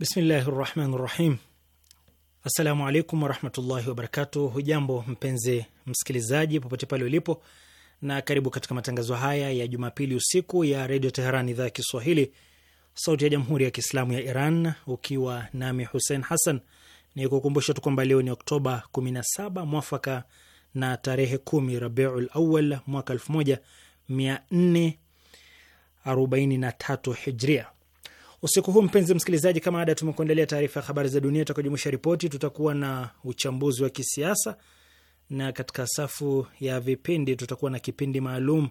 Bismillahi rahmani rahim. Assalamu alaikum warahmatullahi wabarakatuh. Hujambo mpenzi msikilizaji, popote pale ulipo, na karibu katika matangazo haya ya Jumapili usiku ya Redio Teheran, idhaa ya Kiswahili, sauti ya Jamhuri ya Kiislamu ya Iran, ukiwa nami Hussein Hassan. Ni kukumbusha tu kwamba leo ni Oktoba 17 mwafaka na tarehe 10 Rabiul Awal mwaka 1443 Hijria usiku huu. Mpenzi msikilizaji, kama ada, tumekuandalia taarifa ya habari za dunia itakujumuisha ripoti, tutakuwa na uchambuzi wa kisiasa, na katika safu ya vipindi tutakuwa na kipindi maalum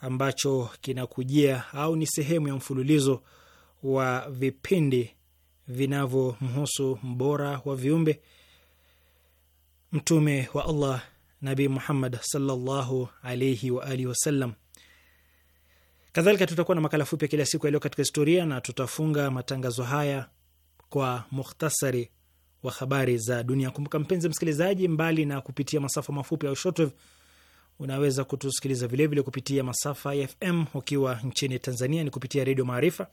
ambacho kinakujia au ni sehemu ya mfululizo wa vipindi vinavyomhusu mbora wa viumbe mtume wa Allah Nabii Muhammad sallallahu alaihi wa alihi wasallam. Kadhalika tutakuwa na makala fupi ya kila siku yaliyo katika historia na tutafunga matangazo haya kwa mukhtasari wa habari za dunia. Kumbuka mpenzi msikilizaji, mbali na kupitia masafa mafupi au shortwave, unaweza kutusikiliza vilevile kupitia masafa ya FM ukiwa nchini Tanzania ni kupitia Redio Maarifa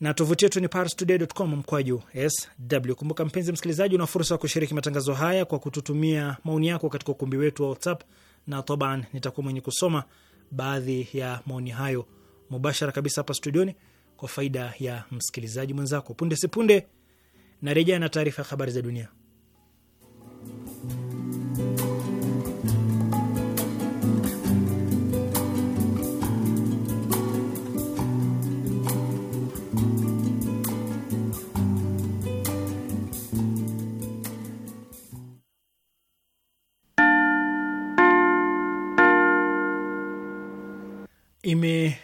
na tovuti yetu ni parstoday.com mkwaju sw. Kumbuka mpenzi msikilizaji, una fursa ya kushiriki matangazo haya kwa kututumia maoni yako katika ukumbi wetu wa WhatsApp na taban nitakuwa mwenye kusoma baadhi ya maoni hayo mubashara kabisa hapa studioni kwa faida ya msikilizaji mwenzako. Punde sipunde narejea na taarifa ya habari za dunia.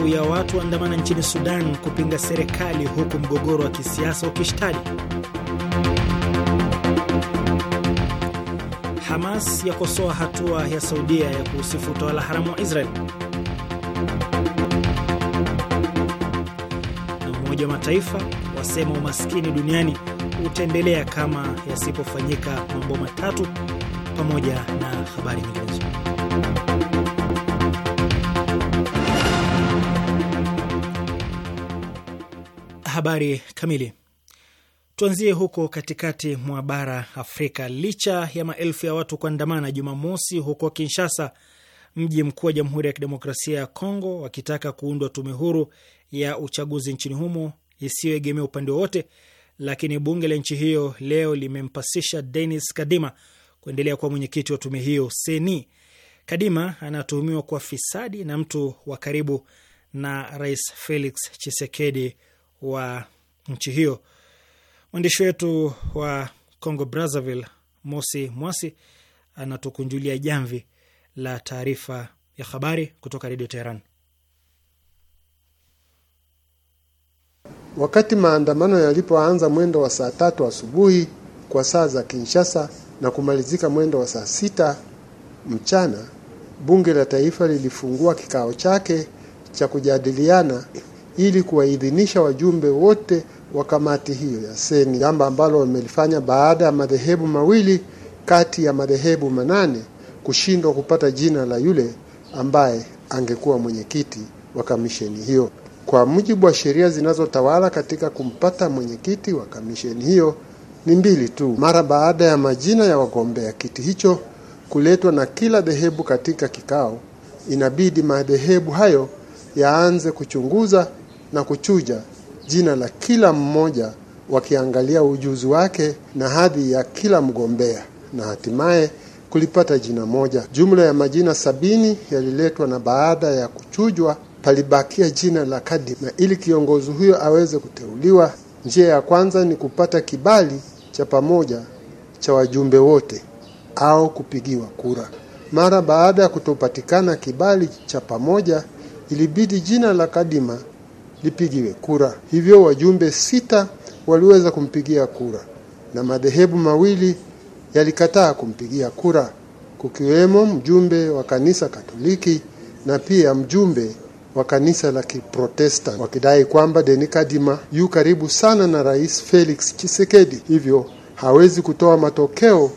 maelfu ya watu waandamana nchini Sudan kupinga serikali huku mgogoro wa kisiasa ukishtadi. Hamas yakosoa hatua ya Saudia ya kuhusifu utawala haramu wa Israel. Na Umoja wa Mataifa wasema umaskini duniani utaendelea kama yasipofanyika mambo matatu, pamoja na habari nyinginezo. habari kamili. Tuanzie huko katikati mwa bara Afrika. Licha ya maelfu ya watu kuandamana Jumamosi huko Kinshasa, mji mkuu wa Jamhuri ya Kidemokrasia ya Kongo, wakitaka kuundwa tume huru ya uchaguzi nchini humo isiyoegemea upande wowote, lakini bunge la nchi hiyo leo limempasisha Denis Kadima kuendelea kuwa mwenyekiti wa tume hiyo seni. Kadima anatuhumiwa kuwa fisadi na mtu wa karibu na Rais Felix chisekedi wa nchi hiyo. Mwandishi wetu wa Congo Brazzaville, Mosi Mwasi, anatukunjulia jamvi la taarifa ya habari kutoka Redio Teheran. Wakati maandamano yalipoanza mwendo wa saa tatu asubuhi kwa saa za Kinshasa na kumalizika mwendo wa saa sita mchana, bunge la taifa lilifungua kikao chake cha kujadiliana ili kuwaidhinisha wajumbe wote wa kamati hiyo ya Seni, jambo ambalo wamelifanya baada ya madhehebu mawili kati ya madhehebu manane kushindwa kupata jina la yule ambaye angekuwa mwenyekiti wa kamisheni hiyo. Kwa mujibu wa sheria zinazotawala katika kumpata mwenyekiti wa kamisheni hiyo ni mbili tu, mara baada ya majina ya wagombea kiti hicho kuletwa na kila dhehebu katika kikao, inabidi madhehebu hayo yaanze kuchunguza na kuchuja jina la kila mmoja wakiangalia ujuzi wake na hadhi ya kila mgombea na hatimaye kulipata jina moja. Jumla ya majina sabini yaliletwa na baada ya kuchujwa palibakia jina la Kadi, na ili kiongozi huyo aweze kuteuliwa, njia ya kwanza ni kupata kibali cha pamoja cha wajumbe wote au kupigiwa kura. Mara baada ya kutopatikana kibali cha pamoja, ilibidi jina la Kadima lipigiwe kura. Hivyo wajumbe sita waliweza kumpigia kura na madhehebu mawili yalikataa kumpigia kura, kukiwemo mjumbe wa kanisa Katoliki na pia mjumbe wa kanisa la Kiprotestant wakidai kwamba Denikadima yu karibu sana na Rais Felix Tshisekedi, hivyo hawezi kutoa matokeo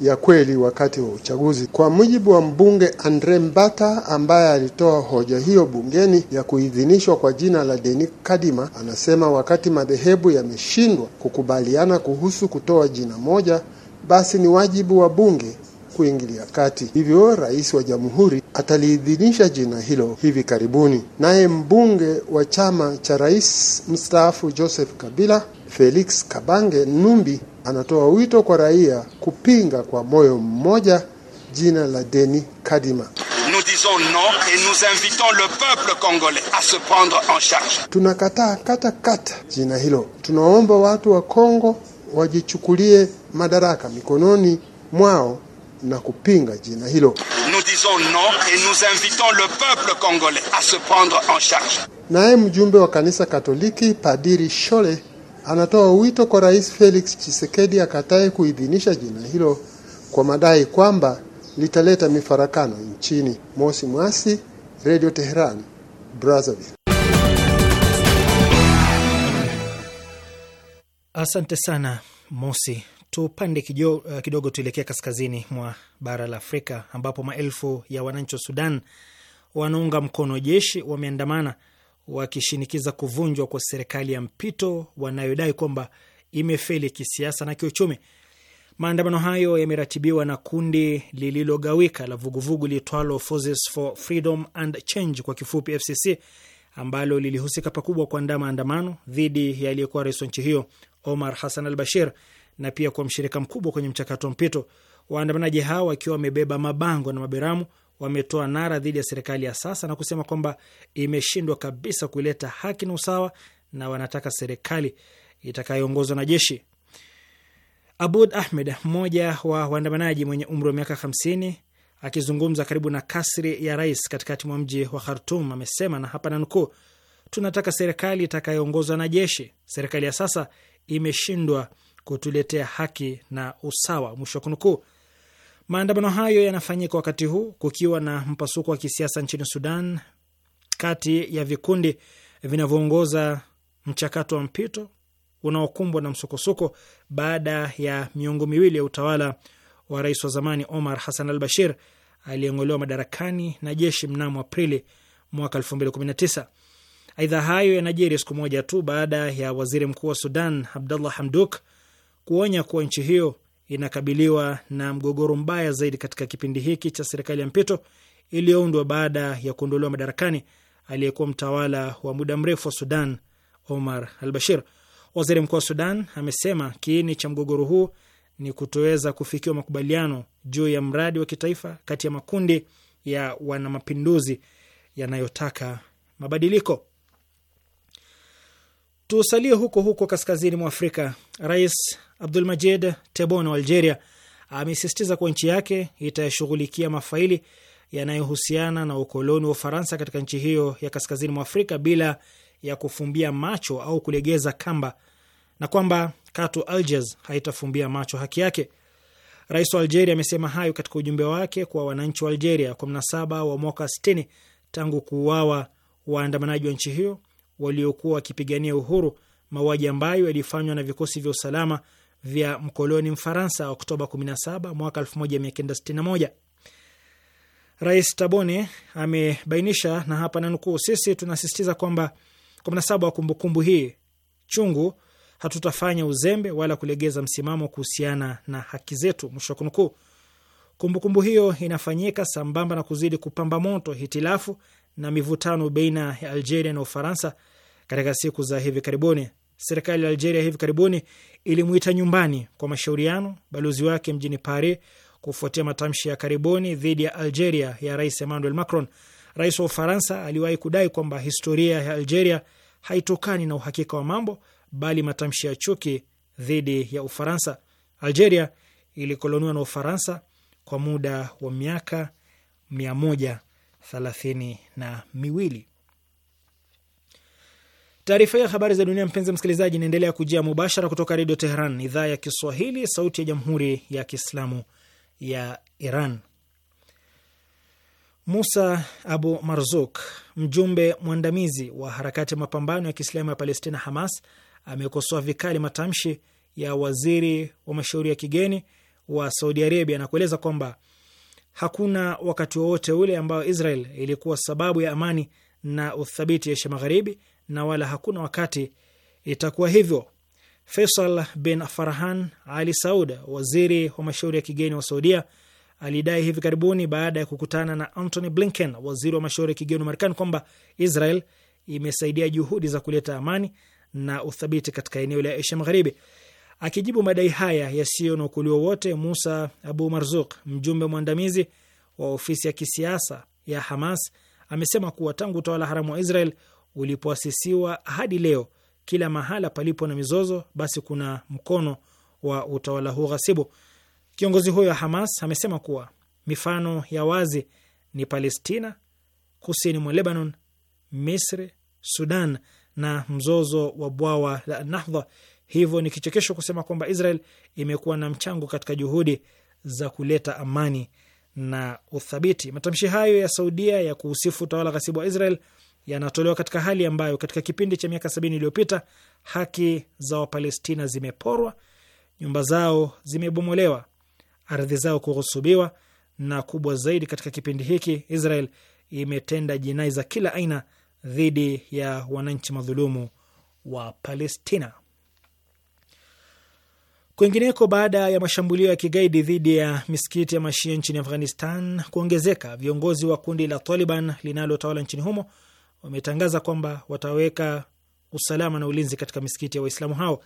ya kweli wakati wa uchaguzi. Kwa mujibu wa mbunge Andre Mbata ambaye alitoa hoja hiyo bungeni ya kuidhinishwa kwa jina la Denis Kadima, anasema wakati madhehebu yameshindwa kukubaliana kuhusu kutoa jina moja, basi ni wajibu wa bunge kuingilia kati. Hivyo rais wa jamhuri ataliidhinisha jina hilo hivi karibuni. Naye mbunge wa chama cha rais mstaafu Joseph Kabila Felix Kabange Numbi anatoa wito kwa raia kupinga kwa moyo mmoja jina la deni Kadima. Tunakataa kata kata jina hilo. Tunaomba watu wa Kongo wajichukulie madaraka mikononi mwao na kupinga jina hilo. Nous disons non et nous invitons le peuple congolais à se prendre en charge. Naye mjumbe wa kanisa Katoliki Padiri Shole anatoa wito kwa Rais Felix Tshisekedi akatae kuidhinisha jina hilo kwa madai kwamba litaleta mifarakano nchini. Mosi Mwasi, Radio Tehran, Brazzaville. Asante sana Mosi. Tupande uh, kidogo tuelekea kaskazini mwa bara la Afrika ambapo maelfu ya wananchi wa Sudan wanaunga mkono jeshi wameandamana wakishinikiza kuvunjwa kwa serikali ya mpito wanayodai kwamba imefeli kisiasa na kiuchumi. Maandamano hayo yameratibiwa na kundi lililogawika la vuguvugu liitwalo Forces for Freedom and Change, kwa kifupi FCC, ambalo lilihusika pakubwa kuandaa maandamano dhidi ya aliyekuwa rais wa nchi hiyo Omar Hassan al Bashir na pia kwa mshirika mkubwa kwenye mchakato wa mpito. Waandamanaji hao wakiwa wamebeba mabango na maberamu wametoa nara dhidi ya serikali ya sasa na kusema kwamba imeshindwa kabisa kuileta haki na usawa na wanataka serikali itakayoongozwa na jeshi. Abud Ahmed, mmoja wa waandamanaji mwenye umri wa miaka 50, akizungumza karibu na kasri ya rais katikati mwa mji wa Khartum, amesema na hapa nanukuu, tunataka serikali itakayoongozwa na jeshi. Serikali ya sasa imeshindwa kutuletea haki na usawa, mwisho wa kunukuu. Maandamano hayo yanafanyika wakati huu kukiwa na mpasuko wa kisiasa nchini Sudan kati ya vikundi vinavyoongoza mchakato wa mpito unaokumbwa na msukosuko baada ya miongo miwili ya utawala wa rais wa zamani Omar Hassan al Bashir aliyeng'olewa madarakani na jeshi mnamo Aprili mwaka 2019. Aidha, hayo yanajiri siku moja tu baada ya waziri mkuu wa Sudan Abdullah Hamduk kuonya kuwa nchi hiyo inakabiliwa na mgogoro mbaya zaidi katika kipindi hiki cha serikali ya mpito iliyoundwa baada ya kuondolewa madarakani aliyekuwa mtawala wa muda mrefu wa Sudan, Omar al Bashir. Waziri mkuu wa Sudan amesema kiini cha mgogoro huu ni kutoweza kufikiwa makubaliano juu ya mradi wa kitaifa kati ya makundi ya wanamapinduzi yanayotaka mabadiliko. Tusalie huko huko kaskazini mwa Afrika. Rais Abdul Majid Tebboune wa Algeria amesisitiza kuwa nchi yake itayashughulikia mafaili yanayohusiana na ukoloni wa Ufaransa katika nchi hiyo ya kaskazini mwa Afrika bila ya kufumbia macho au kulegeza kamba, na kwamba katu Algiers haitafumbia macho haki yake. Rais wa Algeria amesema hayo katika ujumbe wake kwa wananchi wa Algeria kwa mnasaba wa mwaka 60 tangu kuuawa waandamanaji wa nchi hiyo waliokuwa wakipigania uhuru, mauaji ambayo yalifanywa na vikosi vya usalama vya mkoloni Mfaransa Oktoba 17 mwaka 1961. Rais Tabone amebainisha na hapa nanukuu, sisi tunasisitiza kwamba kwa mnasaba wa kumbukumbu hii chungu hatutafanya uzembe wala kulegeza msimamo kuhusiana na haki zetu, mwisho wa kunukuu. Kumbukumbu hiyo inafanyika sambamba na kuzidi kupamba moto hitilafu na mivutano baina ya Algeria na Ufaransa katika siku za hivi karibuni. Serikali ya Algeria hivi karibuni ilimwita nyumbani kwa mashauriano balozi wake mjini Paris kufuatia matamshi ya karibuni dhidi ya Algeria ya Rais Emmanuel Macron. Rais wa Ufaransa aliwahi kudai kwamba historia ya Algeria haitokani na uhakika wa mambo, bali matamshi ya chuki dhidi ya Ufaransa. Algeria ilikoloniwa na Ufaransa kwa muda wa miaka mia moja thelathini na miwili. Taarifa ya habari za dunia, mpenzi msikilizaji, inaendelea kujia mubashara kutoka Redio Teheran, idhaa ya Kiswahili, sauti ya jamhuri ya kiislamu ya Iran. Musa Abu Marzuk, mjumbe mwandamizi wa harakati ya mapambano ya kiislamu ya Palestina, Hamas, amekosoa vikali matamshi ya waziri wa mashauri ya kigeni wa Saudi Arabia na kueleza kwamba hakuna wakati wowote ule ambao Israel ilikuwa sababu ya amani na uthabiti Asia Magharibi na wala hakuna wakati itakuwa hivyo. Faisal bin Farhan Ali Saud, waziri wa mashauri ya kigeni wa Saudia, alidai hivi karibuni baada ya kukutana na Antony Blinken, waziri wa mashauri ya kigeni wa Marekani, kwamba Israel imesaidia juhudi za kuleta amani na uthabiti katika eneo la Asia Magharibi. Akijibu madai haya yasiyo na ukweli wowote, Musa Abu Marzuk, mjumbe mwandamizi wa ofisi ya kisiasa ya Hamas, amesema kuwa tangu utawala haramu wa Israel ulipoasisiwa hadi leo, kila mahala palipo na mizozo, basi kuna mkono wa utawala huo ghasibu. Kiongozi huyo wa Hamas amesema kuwa mifano ya wazi ni Palestina, kusini mwa Lebanon, Misri, Sudan na mzozo wa bwawa la Nahdha. Hivyo ni kichekesho kusema kwamba Israel imekuwa na mchango katika juhudi za kuleta amani na uthabiti. Matamshi hayo ya Saudia ya kuhusifu utawala ghasibu wa Israel yanatolewa katika hali ambayo katika kipindi cha miaka sabini iliyopita haki za Wapalestina zimeporwa, nyumba zao zimebomolewa, ardhi zao kughusubiwa, na kubwa zaidi, katika kipindi hiki Israel imetenda jinai za kila aina dhidi ya wananchi madhulumu wa Palestina. Kwingineko, baada ya mashambulio ya kigaidi dhidi ya misikiti ya Mashia nchini Afghanistan kuongezeka, viongozi wa kundi la Taliban linalotawala nchini humo wametangaza kwamba wataweka usalama na ulinzi katika misikiti ya Waislamu hao.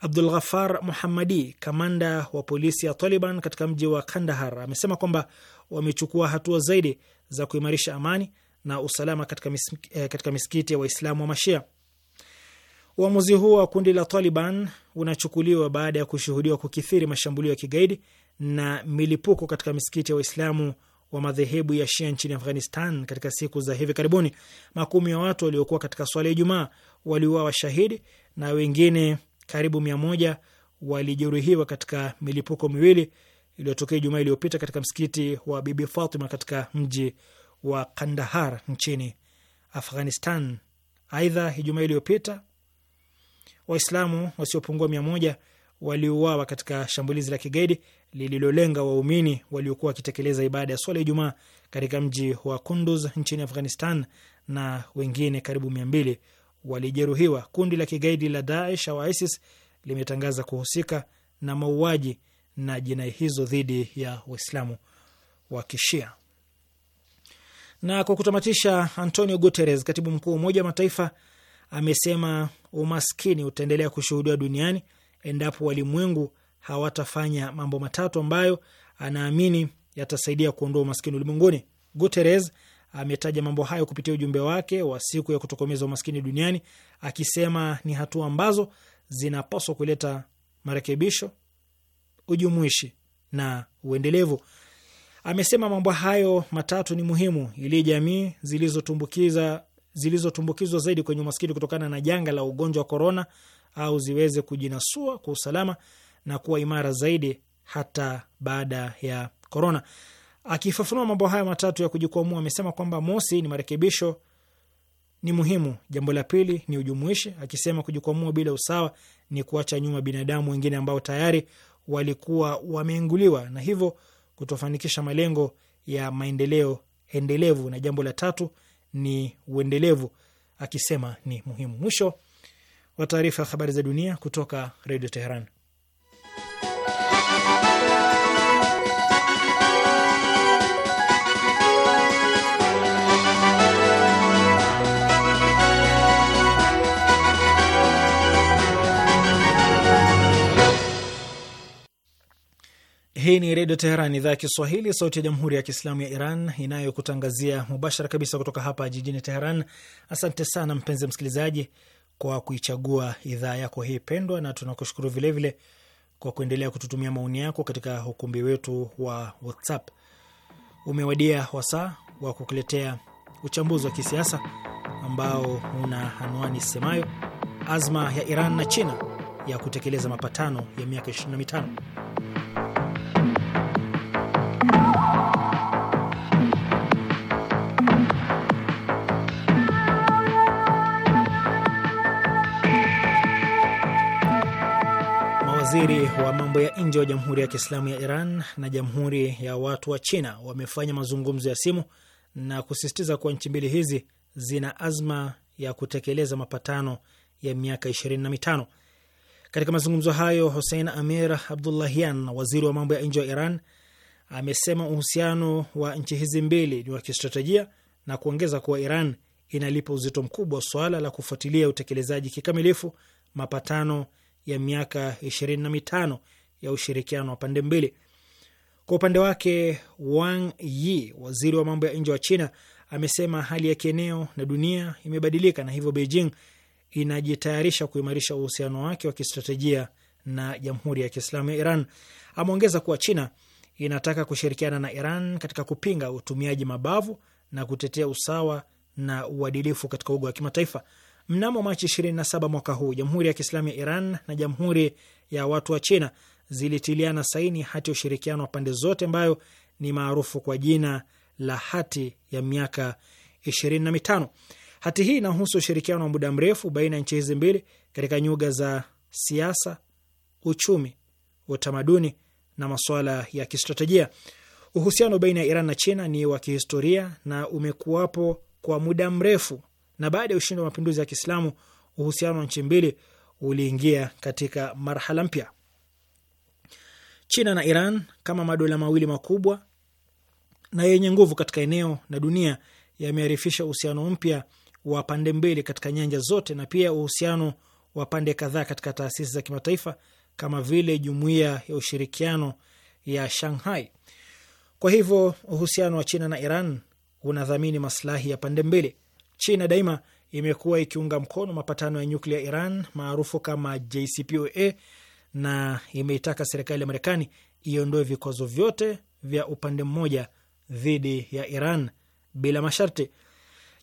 Abdul Ghafar Muhammadi, kamanda wa polisi ya Taliban katika mji wa Kandahar, amesema kwamba wamechukua hatua zaidi za kuimarisha amani na usalama katika, mis eh, katika misikiti ya Waislamu wa Mashia. Uamuzi huo wa kundi la Taliban unachukuliwa baada ya kushuhudiwa kukithiri mashambulio ya kigaidi na milipuko katika misikiti ya Waislamu wa madhehebu ya Shia nchini Afghanistan katika siku za hivi karibuni. Makumi ya watu waliokuwa katika swala ya Ijumaa waliuawa washahidi na wengine karibu mia moja walijeruhiwa katika milipuko miwili iliyotokea Ijumaa iliyopita katika msikiti wa Bibi Fatima katika mji wa Kandahar nchini Afghanistan. Aidha, Ijumaa iliyopita Waislamu wasiopungua mia moja waliuawa katika shambulizi la kigaidi lililolenga waumini waliokuwa wakitekeleza ibada ya swala ya Ijumaa katika mji wa Kunduz nchini Afghanistan na wengine karibu mia mbili walijeruhiwa. Kundi la kigaidi la Daesh au ISIS limetangaza kuhusika na mauaji na jinai hizo dhidi ya Waislamu wa Kishia. Na kwa kutamatisha, Antonio Guterres, katibu mkuu wa Umoja wa Mataifa, amesema umaskini utaendelea kushuhudiwa duniani endapo walimwengu hawatafanya mambo matatu ambayo anaamini yatasaidia kuondoa umaskini ulimwenguni. Guterres ametaja mambo hayo kupitia ujumbe wake wa siku ya kutokomeza umaskini duniani, akisema ni hatua ambazo zinapaswa kuleta marekebisho, ujumuishi na uendelevu. Amesema mambo hayo matatu ni muhimu ili jamii zilizotumbukiza zilizotumbukizwa zaidi kwenye umaskini kutokana na janga la ugonjwa wa korona au ziweze kujinasua kwa usalama na kuwa imara zaidi hata baada ya korona. Akifafanua mambo hayo matatu ya kujikwamua, amesema kwamba mosi, ni marekebisho ni muhimu. Jambo la pili ni ujumuishi, akisema kujikwamua bila usawa ni kuacha nyuma binadamu wengine ambao tayari walikuwa wameinguliwa na hivyo kutofanikisha malengo ya maendeleo endelevu, na jambo la tatu ni uendelevu, akisema ni muhimu. Mwisho wa taarifa ya habari za dunia kutoka Redio Teheran. Hii ni Redio Teheran, idhaa ya Kiswahili, sauti ya Jamhuri ya Kiislamu ya Iran, inayokutangazia mubashara kabisa kutoka hapa jijini Teheran. Asante sana mpenzi msikilizaji kwa kuichagua idhaa yako hii pendwa, na tunakushukuru vilevile kwa kuendelea kututumia maoni yako katika ukumbi wetu wa WhatsApp. Umewadia wasaa wa kukuletea uchambuzi wa kisiasa ambao una anwani semayo azma ya Iran na China ya kutekeleza mapatano ya miaka 25. Mawaziri wa mambo ya nje wa Jamhuri ya Kiislamu ya Iran na Jamhuri ya Watu wa China wamefanya mazungumzo ya simu na kusisitiza kuwa nchi mbili hizi zina azma ya kutekeleza mapatano ya miaka ishirini na mitano. Katika mazungumzo hayo, Hussein Amir Abdullahian, waziri wa mambo ya nje wa Iran, amesema uhusiano wa nchi hizi mbili ni wa kistratejia na kuongeza kuwa Iran inalipa uzito mkubwa swala la kufuatilia utekelezaji kikamilifu mapatano ya miaka ishirini na mitano ya ushirikiano wa pande mbili. Kwa upande wake, Wang Yi, waziri wa mambo ya nje wa China, amesema hali ya kieneo na dunia imebadilika na hivyo Beijing inajitayarisha kuimarisha uhusiano wake wa kistratejia na Jamhuri ya Kiislamu ya Iran. Ameongeza kuwa China inataka kushirikiana na Iran katika kupinga utumiaji mabavu na kutetea usawa na uadilifu katika uga wa kimataifa. Mnamo Machi 27 mwaka huu, Jamhuri ya Kiislamu ya Iran na Jamhuri ya Watu wa China zilitiliana saini hati ya ushirikiano wa pande zote ambayo ni maarufu kwa jina la hati ya miaka 25. Hati hii inahusu ushirikiano wa muda mrefu baina ya nchi hizi mbili katika nyuga za siasa, uchumi, utamaduni na masuala ya kistratejia. Uhusiano baina ya Iran na China ni wa kihistoria na umekuwapo kwa muda mrefu na baada ya ushindi wa mapinduzi ya Kiislamu uhusiano wa nchi mbili uliingia katika marhala mpya. China na Iran kama madola mawili makubwa na yenye nguvu katika eneo na dunia yamearifisha uhusiano mpya wa pande mbili katika nyanja zote na pia uhusiano wa pande kadhaa katika taasisi za kimataifa kama vile Jumuiya ya Ushirikiano ya Shanghai. Kwa hivyo uhusiano wa China na Iran unadhamini maslahi ya pande mbili. China daima imekuwa ikiunga mkono mapatano ya nyuklia Iran maarufu kama JCPOA na imeitaka serikali ya Marekani iondoe vikwazo vyote vya upande mmoja dhidi ya Iran bila masharti.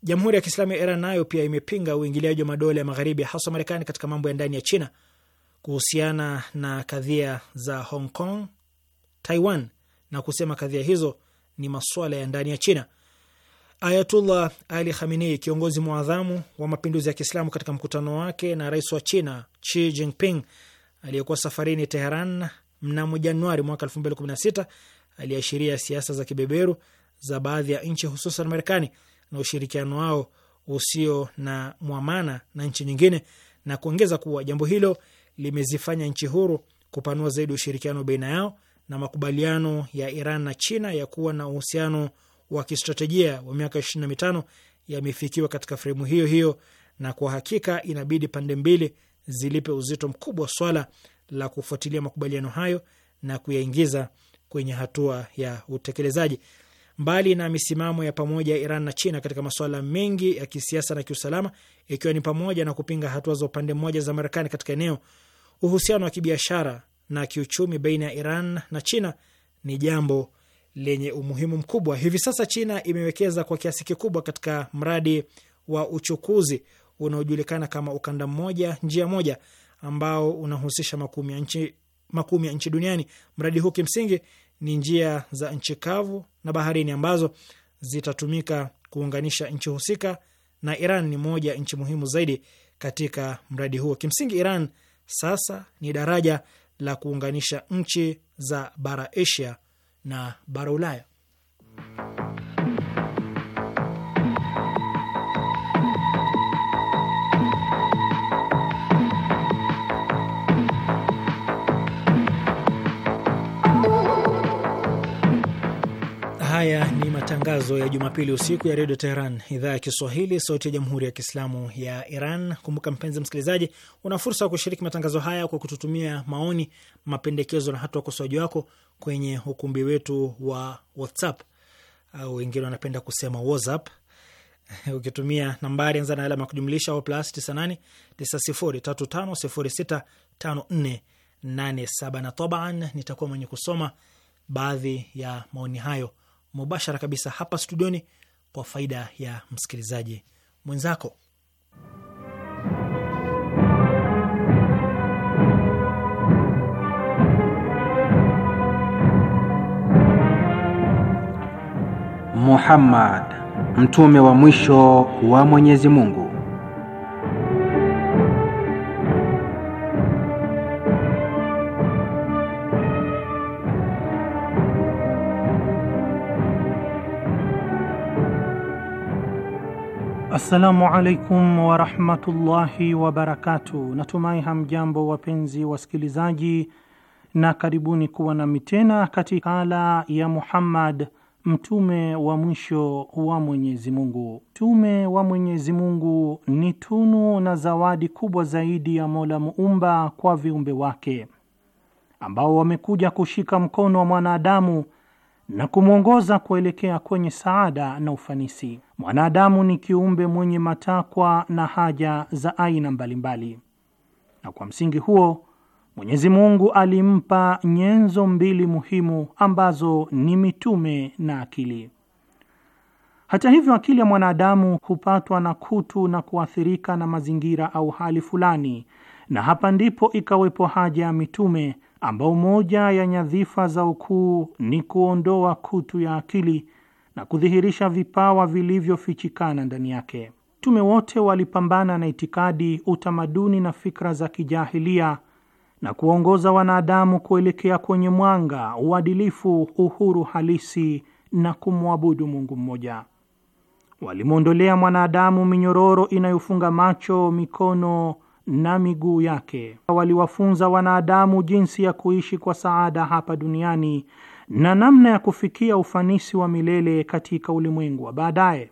Jamhuri ya Kiislamu ya Iran nayo pia imepinga uingiliaji wa madola ya magharibi hasa Marekani katika mambo ya ndani ya China kuhusiana na kadhia za Hong Kong, Taiwan na kusema kadhia hizo ni masuala ya ndani ya China. Ayatullah Ali Khamenei, kiongozi mwadhamu wa mapinduzi ya Kiislamu, katika mkutano wake na rais wa China Xi Jinping aliyekuwa safarini Teheran mnamo Januari mwaka 2016 aliashiria siasa za kibeberu za baadhi ya nchi hususan Marekani na ushirikiano wao usio na mwamana na nchi nyingine, na kuongeza kuwa jambo hilo limezifanya nchi huru kupanua zaidi ushirikiano baina yao na makubaliano ya Iran na China ya kuwa na uhusiano wa kistratejia wa miaka ishirini na mitano yamefikiwa katika fremu hiyo hiyo, na kwa hakika inabidi pande mbili zilipe uzito mkubwa swala la kufuatilia makubaliano hayo na kuyaingiza kwenye hatua ya utekelezaji. Mbali na misimamo ya pamoja ya Iran na China katika masuala mengi ya kisiasa na kiusalama, ikiwa ni pamoja na kupinga hatua za upande mmoja za Marekani katika eneo, uhusiano wa kibiashara na kiuchumi baina ya Iran na China ni jambo lenye umuhimu mkubwa. Hivi sasa China imewekeza kwa kiasi kikubwa katika mradi wa uchukuzi unaojulikana kama ukanda mmoja njia moja ambao unahusisha makumi ya nchi, makumi ya nchi duniani. Mradi huu kimsingi ni njia za nchi kavu na baharini ambazo zitatumika kuunganisha nchi husika, na Iran ni moja nchi muhimu zaidi katika mradi huo. Kimsingi, Iran sasa ni daraja la kuunganisha nchi za bara Asia na bara Ulaya. Haya matangazo ya Jumapili usiku ya redio Teheran, idhaa ya Kiswahili, sauti ya jamhuri ya kiislamu ya Iran. Kumbuka mpenzi msikilizaji, una fursa ya kushiriki matangazo haya kwa kututumia maoni, mapendekezo na hata wakosoaji wako kwenye ukumbi wetu wa WhatsApp au wengine wanapenda kusema WhatsApp, ukitumia nambari anza na alama ya kujumlisha au plus 98 9035 na taban, nitakuwa mwenye kusoma baadhi ya maoni hayo mubashara kabisa hapa studioni kwa faida ya msikilizaji mwenzako. Muhammad mtume wa mwisho wa Mwenyezi Mungu Assalamu alaikum warahmatullahi wabarakatu. Natumai hamjambo wapenzi wasikilizaji, na karibuni kuwa nami tena katika kala ya Muhammad mtume wa mwisho wa Mwenyezi Mungu. Mtume wa Mwenyezi Mungu ni tunu na zawadi kubwa zaidi ya Mola Muumba kwa viumbe wake ambao wamekuja kushika mkono wa mwanadamu na kumwongoza kuelekea kwenye saada na ufanisi. Mwanadamu ni kiumbe mwenye matakwa na haja za aina mbalimbali, na kwa msingi huo Mwenyezi Mungu alimpa nyenzo mbili muhimu ambazo ni mitume na akili. Hata hivyo, akili ya mwanadamu hupatwa na kutu na kuathirika na mazingira au hali fulani, na hapa ndipo ikawepo haja ya mitume ambao moja ya nyadhifa za ukuu ni kuondoa kutu ya akili na kudhihirisha vipawa vilivyofichikana ndani yake. tume wote walipambana na itikadi, utamaduni na fikra za kijahilia na kuwaongoza wanadamu kuelekea kwenye mwanga, uadilifu, uhuru halisi na kumwabudu Mungu mmoja. Walimwondolea mwanadamu minyororo inayofunga macho, mikono na miguu yake. Waliwafunza wanadamu jinsi ya kuishi kwa saada hapa duniani na namna ya kufikia ufanisi wa milele katika ulimwengu wa baadaye.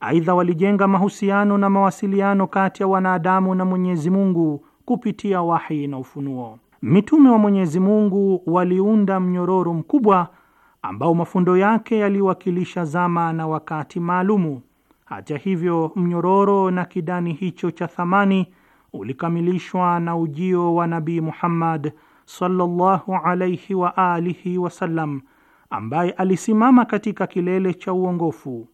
Aidha, walijenga mahusiano na mawasiliano kati ya wanadamu na Mwenyezi Mungu kupitia wahi na ufunuo. Mitume wa Mwenyezi Mungu waliunda mnyororo mkubwa ambao mafundo yake yaliwakilisha zama na wakati maalumu. Hata hivyo, mnyororo na kidani hicho cha thamani ulikamilishwa na ujio wa Nabii Muhammad sallallahu alayhi wa alihi wasallam, ambaye alisimama katika kilele cha uongofu,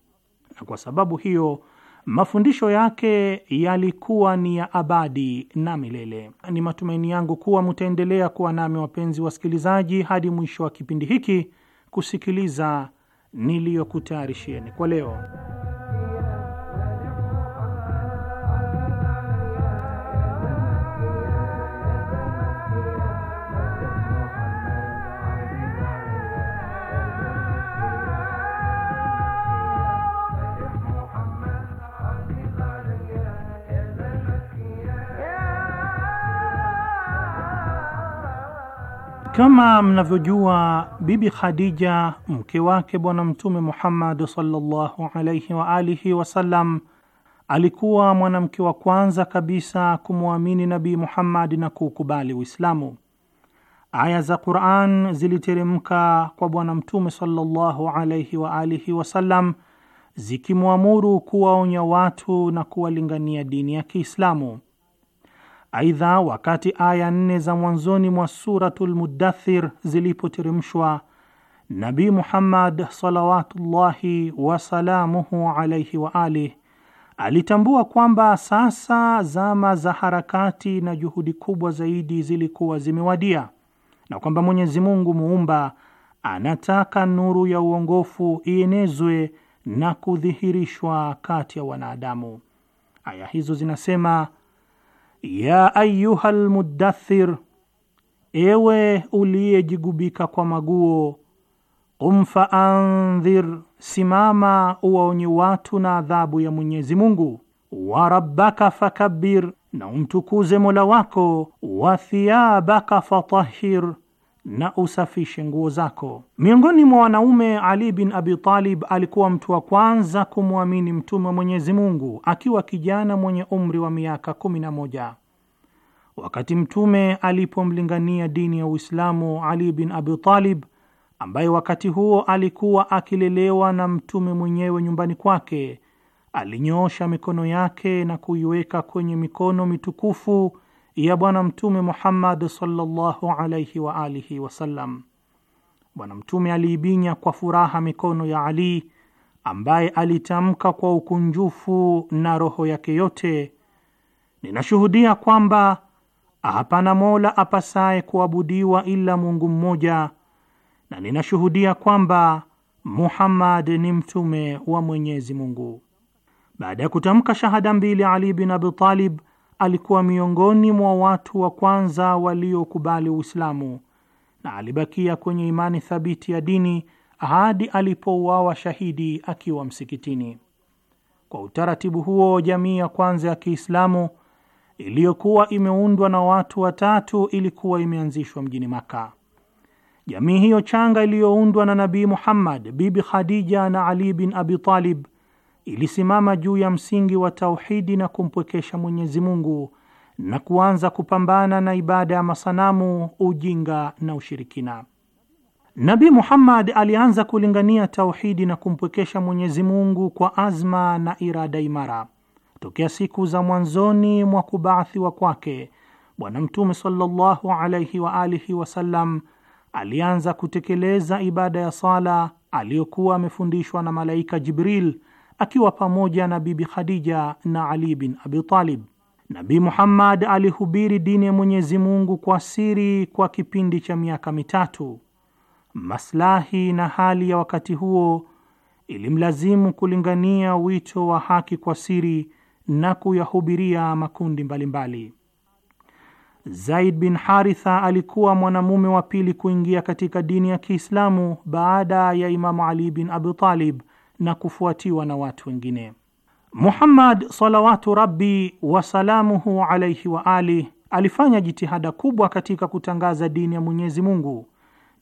na kwa sababu hiyo mafundisho yake yalikuwa ni ya abadi na milele. Ni matumaini yangu kuwa mtaendelea kuwa nami, wapenzi wasikilizaji, hadi mwisho wa kipindi hiki kusikiliza niliyokutayarishieni kwa leo. Kama mnavyojua, Bibi Khadija mke wake Bwana Mtume Muhammad sallallahu alayhi wa alihi wasallam alikuwa mwanamke wa kwanza kabisa kumwamini Nabii Muhammad na kuukubali Uislamu. Aya za Quran ziliteremka kwa Bwana Mtume sallallahu alayhi wa alihi wasallam zikimwamuru kuwaonya watu na kuwalingania dini ya Kiislamu. Aidha, wakati aya nne za mwanzoni mwa Suratul lmudathir zilipoteremshwa, Nabi Muhammad salawatullahi wasalamuhu alaihi wa alih alitambua kwamba sasa zama za harakati na juhudi kubwa zaidi zilikuwa zimewadia na kwamba Mwenyezi Mungu muumba anataka nuru ya uongofu ienezwe na kudhihirishwa kati ya wanadamu. Aya hizo zinasema: ya ayuha lmuddathir, ewe uliyejigubika kwa maguo. Qum faandhir, simama uwaonye watu na adhabu ya Mwenyezi Mungu. Wa rabbaka fakabbir, na umtukuze mola wako. Wa thiyabaka fatahhir na usafishe nguo zako. Miongoni mwa wanaume, Ali bin Abi Talib alikuwa mtu wa kwanza kumwamini mtume wa Mwenyezi Mungu akiwa kijana mwenye umri wa miaka 11. Wakati mtume alipomlingania dini ya Uislamu, Ali bin Abi Talib ambaye wakati huo alikuwa akilelewa na mtume mwenyewe nyumbani kwake, alinyoosha mikono yake na kuiweka kwenye mikono mitukufu ya Bwana Mtume Muhammad sallallahu alayhi wa alihi wasallam. Bwana Mtume aliibinya kwa furaha mikono ya Ali ambaye alitamka kwa ukunjufu na roho yake yote, ninashuhudia kwamba hapana mola apasaye kuabudiwa ila Mungu mmoja, na ninashuhudia kwamba Muhammad ni mtume wa Mwenyezi Mungu. Baada ya kutamka shahada mbili, Ali bin Abi Talib alikuwa miongoni mwa watu wa kwanza waliokubali Uislamu na alibakia kwenye imani thabiti ya dini hadi alipouawa shahidi akiwa msikitini. Kwa utaratibu huo, jamii ya kwanza ya Kiislamu iliyokuwa imeundwa na watu watatu ilikuwa imeanzishwa mjini Maka. Jamii hiyo changa iliyoundwa na Nabii Muhammad, Bibi Khadija na Ali bin Abi Talib ilisimama juu ya msingi wa tauhidi na kumpwekesha Mwenyezi Mungu na kuanza kupambana na ibada ya masanamu, ujinga na ushirikina. Nabi Muhammad alianza kulingania tauhidi na kumpwekesha Mwenyezi Mungu kwa azma na irada imara. Tokea siku za mwanzoni mwa kubaathiwa kwake, Bwana Mtume sallallahu alayhi wa alihi wasallam alianza kutekeleza ibada ya sala aliyokuwa amefundishwa na malaika Jibril akiwa pamoja na Bibi Khadija na Ali bin Abi Talib. Nabii Muhammad alihubiri dini ya Mwenyezi Mungu kwa siri kwa kipindi cha miaka mitatu. Maslahi na hali ya wakati huo ilimlazimu kulingania wito wa haki kwa siri na kuyahubiria makundi mbalimbali. Zaid bin Haritha alikuwa mwanamume wa pili kuingia katika dini ya Kiislamu baada ya Imamu Ali bin Abi Talib na kufuatiwa na watu wengine. Muhammad salawatu rabbi wasalamuhu alaihi wa ali alifanya jitihada kubwa katika kutangaza dini ya Mwenyezi Mungu,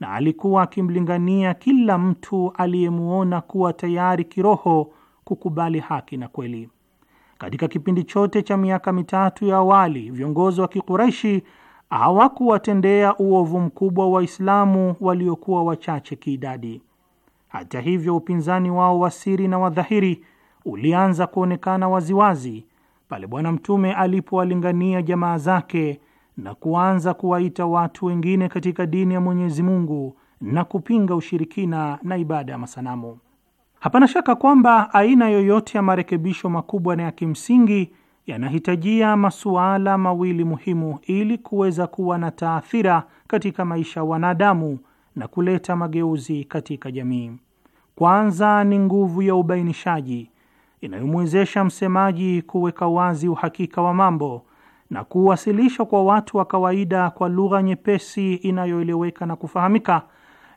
na alikuwa akimlingania kila mtu aliyemuona kuwa tayari kiroho kukubali haki na kweli. Katika kipindi chote cha miaka mitatu ya awali, viongozi wa Kikuraishi hawakuwatendea uovu mkubwa Waislamu waliokuwa wachache kiidadi. Hata hivyo, upinzani wao wa siri na wadhahiri ulianza kuonekana waziwazi pale Bwana Mtume alipowalingania jamaa zake na kuanza kuwaita watu wengine katika dini ya Mwenyezi Mungu na kupinga ushirikina na ibada ya masanamu. Hapana shaka kwamba aina yoyote ya marekebisho makubwa na ya kimsingi yanahitajia masuala mawili muhimu ili kuweza kuwa na taathira katika maisha ya wanadamu na kuleta mageuzi katika jamii. Kwanza ni nguvu ya ubainishaji inayomwezesha msemaji kuweka wazi uhakika wa mambo na kuwasilisha kwa watu wa kawaida kwa lugha nyepesi inayoeleweka na kufahamika,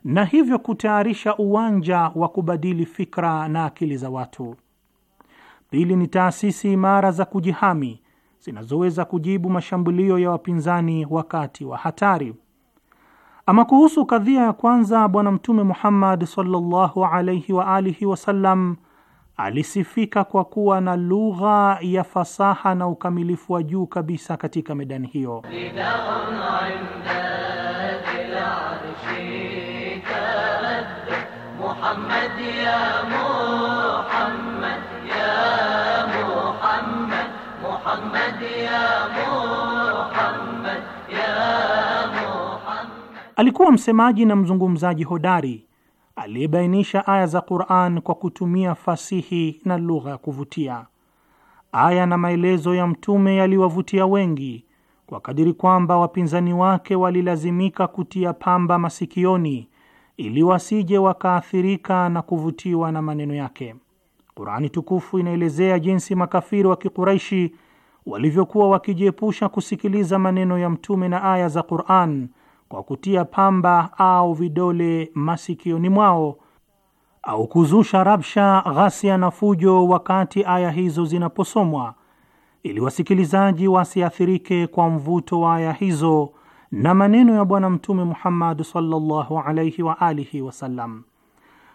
na hivyo kutayarisha uwanja wa kubadili fikra na akili za watu. Pili ni taasisi imara za kujihami zinazoweza kujibu mashambulio ya wapinzani wakati wa hatari. Ama kuhusu kadhia ya kwanza, Bwana Mtume Muhammad sallallahu alayhi wa alihi wasallam alisifika kwa kuwa na lugha ya fasaha na ukamilifu wa juu kabisa katika medani hiyo. Alikuwa msemaji na mzungumzaji hodari aliyebainisha aya za Qur'an kwa kutumia fasihi na lugha ya kuvutia. Aya na maelezo ya mtume yaliwavutia wengi kwa kadiri kwamba wapinzani wake walilazimika kutia pamba masikioni ili wasije wakaathirika na kuvutiwa na maneno yake. Qur'ani tukufu inaelezea jinsi makafiri wa Kikuraishi walivyokuwa wakijiepusha kusikiliza maneno ya mtume na aya za Qur'an kwa kutia pamba au vidole masikioni mwao au kuzusha rabsha, ghasia na fujo wakati aya hizo zinaposomwa, ili wasikilizaji wasiathirike kwa mvuto wa aya hizo na maneno ya Bwana Mtume Muhammad sallallahu alayhi wa alihi wasallam.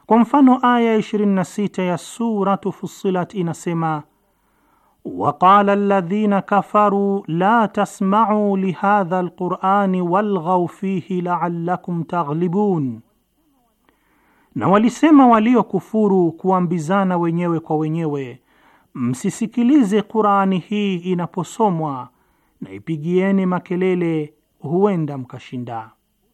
Kwa mfano, aya 26 ya Suratu Fussilat inasema waqala alladhina kafaru la tasma'u lihadha alqurani walghaw fihi la'allakum taghlibun, na walisema waliokufuru kuambizana wenyewe kwa wenyewe, msisikilize Qurani hii inaposomwa na ipigieni makelele, huenda mkashinda.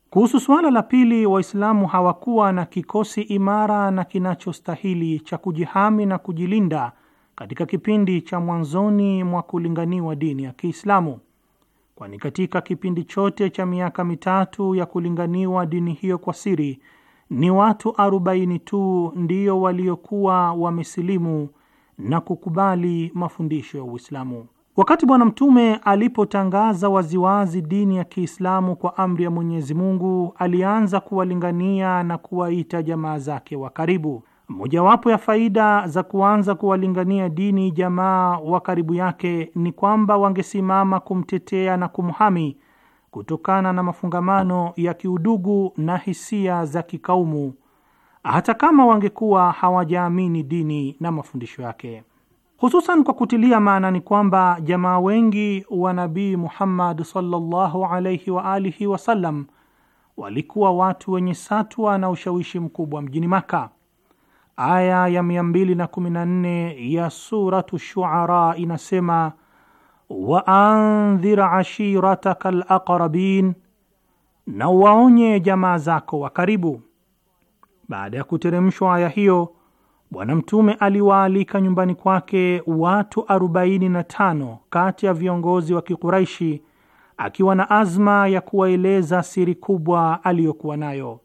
Kuhusu suala la pili, Waislamu hawakuwa na kikosi imara na kinachostahili cha kujihami na kujilinda katika kipindi cha mwanzoni mwa kulinganiwa dini ya Kiislamu, kwani katika kipindi chote cha miaka mitatu ya kulinganiwa dini hiyo kwa siri ni watu arobaini tu ndiyo waliokuwa wamesilimu na kukubali mafundisho ya Uislamu. Wakati Bwana Mtume alipotangaza waziwazi dini ya Kiislamu kwa amri ya Mwenyezi Mungu, alianza kuwalingania na kuwaita jamaa zake wa karibu. Mojawapo ya faida za kuanza kuwalingania dini jamaa wa karibu yake ni kwamba wangesimama kumtetea na kumhami kutokana na mafungamano ya kiudugu na hisia za kikaumu, hata kama wangekuwa hawajaamini dini na mafundisho yake, hususan kwa kutilia maana ni kwamba jamaa wengi wa Nabii Muhammad sallallahu alaihi wa alihi wasallam walikuwa watu wenye satwa na ushawishi mkubwa mjini Maka. Aya ya 214 ya suratu Shuara inasema wa ashirataka alaqrabin, na waonye jamaa zako wa karibu. Baada ya kuteremshwa aya hiyo, Bwana Mtume aliwaalika nyumbani kwake watu 45 kati ya viongozi wa Kikuraishi akiwa na azma ya kuwaeleza siri kubwa aliyokuwa nayo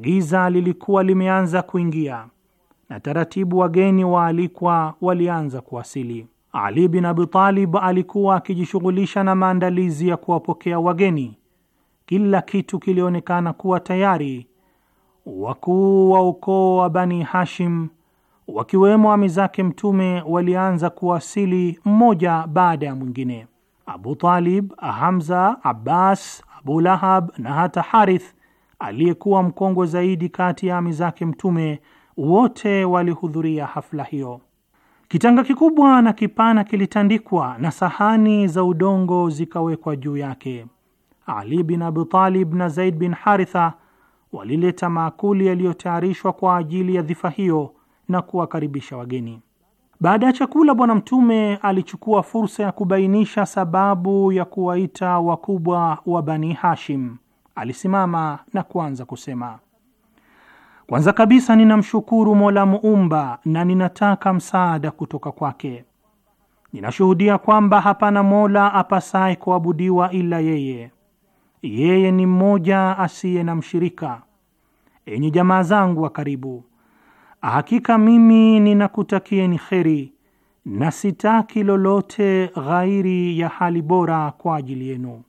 giza lilikuwa limeanza kuingia na taratibu wageni waalikwa walianza kuwasili. Ali bin Abi Talib alikuwa akijishughulisha na maandalizi ya kuwapokea wageni. Kila kitu kilionekana kuwa tayari. Wakuu wa ukoo wa Bani Hashim wakiwemo ami zake Mtume walianza kuwasili mmoja baada ya mwingine. Abu Talib, Hamza, Abbas, Abu Lahab na hata Harith aliyekuwa mkongwe zaidi kati ya ami zake Mtume, wote walihudhuria hafla hiyo. Kitanga kikubwa na kipana kilitandikwa na sahani za udongo zikawekwa juu yake. Ali bin Abi Talib na Zaid bin Haritha walileta maakuli yaliyotayarishwa kwa ajili ya dhifa hiyo na kuwakaribisha wageni. Baada ya chakula, Bwana Mtume alichukua fursa ya kubainisha sababu ya kuwaita wakubwa wa Bani Hashim alisimama na kuanza kusema, kwanza kabisa ninamshukuru Mola Muumba na ninataka msaada kutoka kwake. Ninashuhudia kwamba hapana Mola apasaye kuabudiwa ila yeye. Yeye ni mmoja asiye na mshirika. Enyi jamaa zangu wa karibu, hakika mimi ninakutakieni kheri na sitaki lolote ghairi ya hali bora kwa ajili yenu.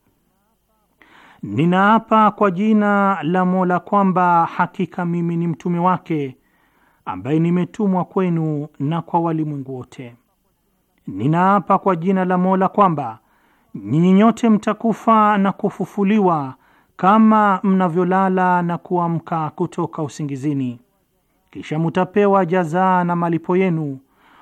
Ninaapa kwa jina la Mola kwamba hakika mimi ni mtume wake ambaye nimetumwa kwenu na kwa walimwengu wote. Ninaapa kwa jina la Mola kwamba nyinyi nyote mtakufa na kufufuliwa kama mnavyolala na kuamka kutoka usingizini, kisha mutapewa jazaa na malipo yenu.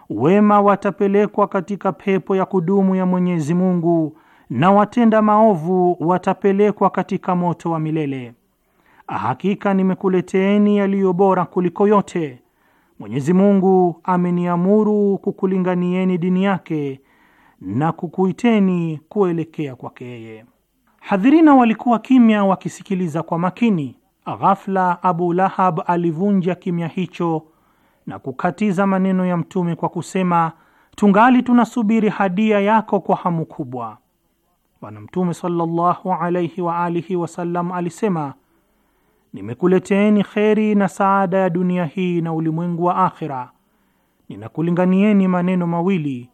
Wema watapelekwa katika pepo ya kudumu ya Mwenyezi Mungu na watenda maovu watapelekwa katika moto wa milele. Hakika nimekuleteeni yaliyo bora kuliko yote. Mwenyezi Mungu ameniamuru kukulinganieni dini yake na kukuiteni kuelekea kwake yeye. Hadhirina walikuwa kimya wakisikiliza kwa makini. Ghafla Abu Lahab alivunja kimya hicho na kukatiza maneno ya Mtume kwa kusema, tungali tunasubiri hadia yako kwa hamu kubwa. Bwana Mtume sallallahu alayhi wa alihi wasallam alisema, nimekuleteeni kheri na saada ya dunia hii na ulimwengu wa akhira. Ninakulinganieni maneno mawili,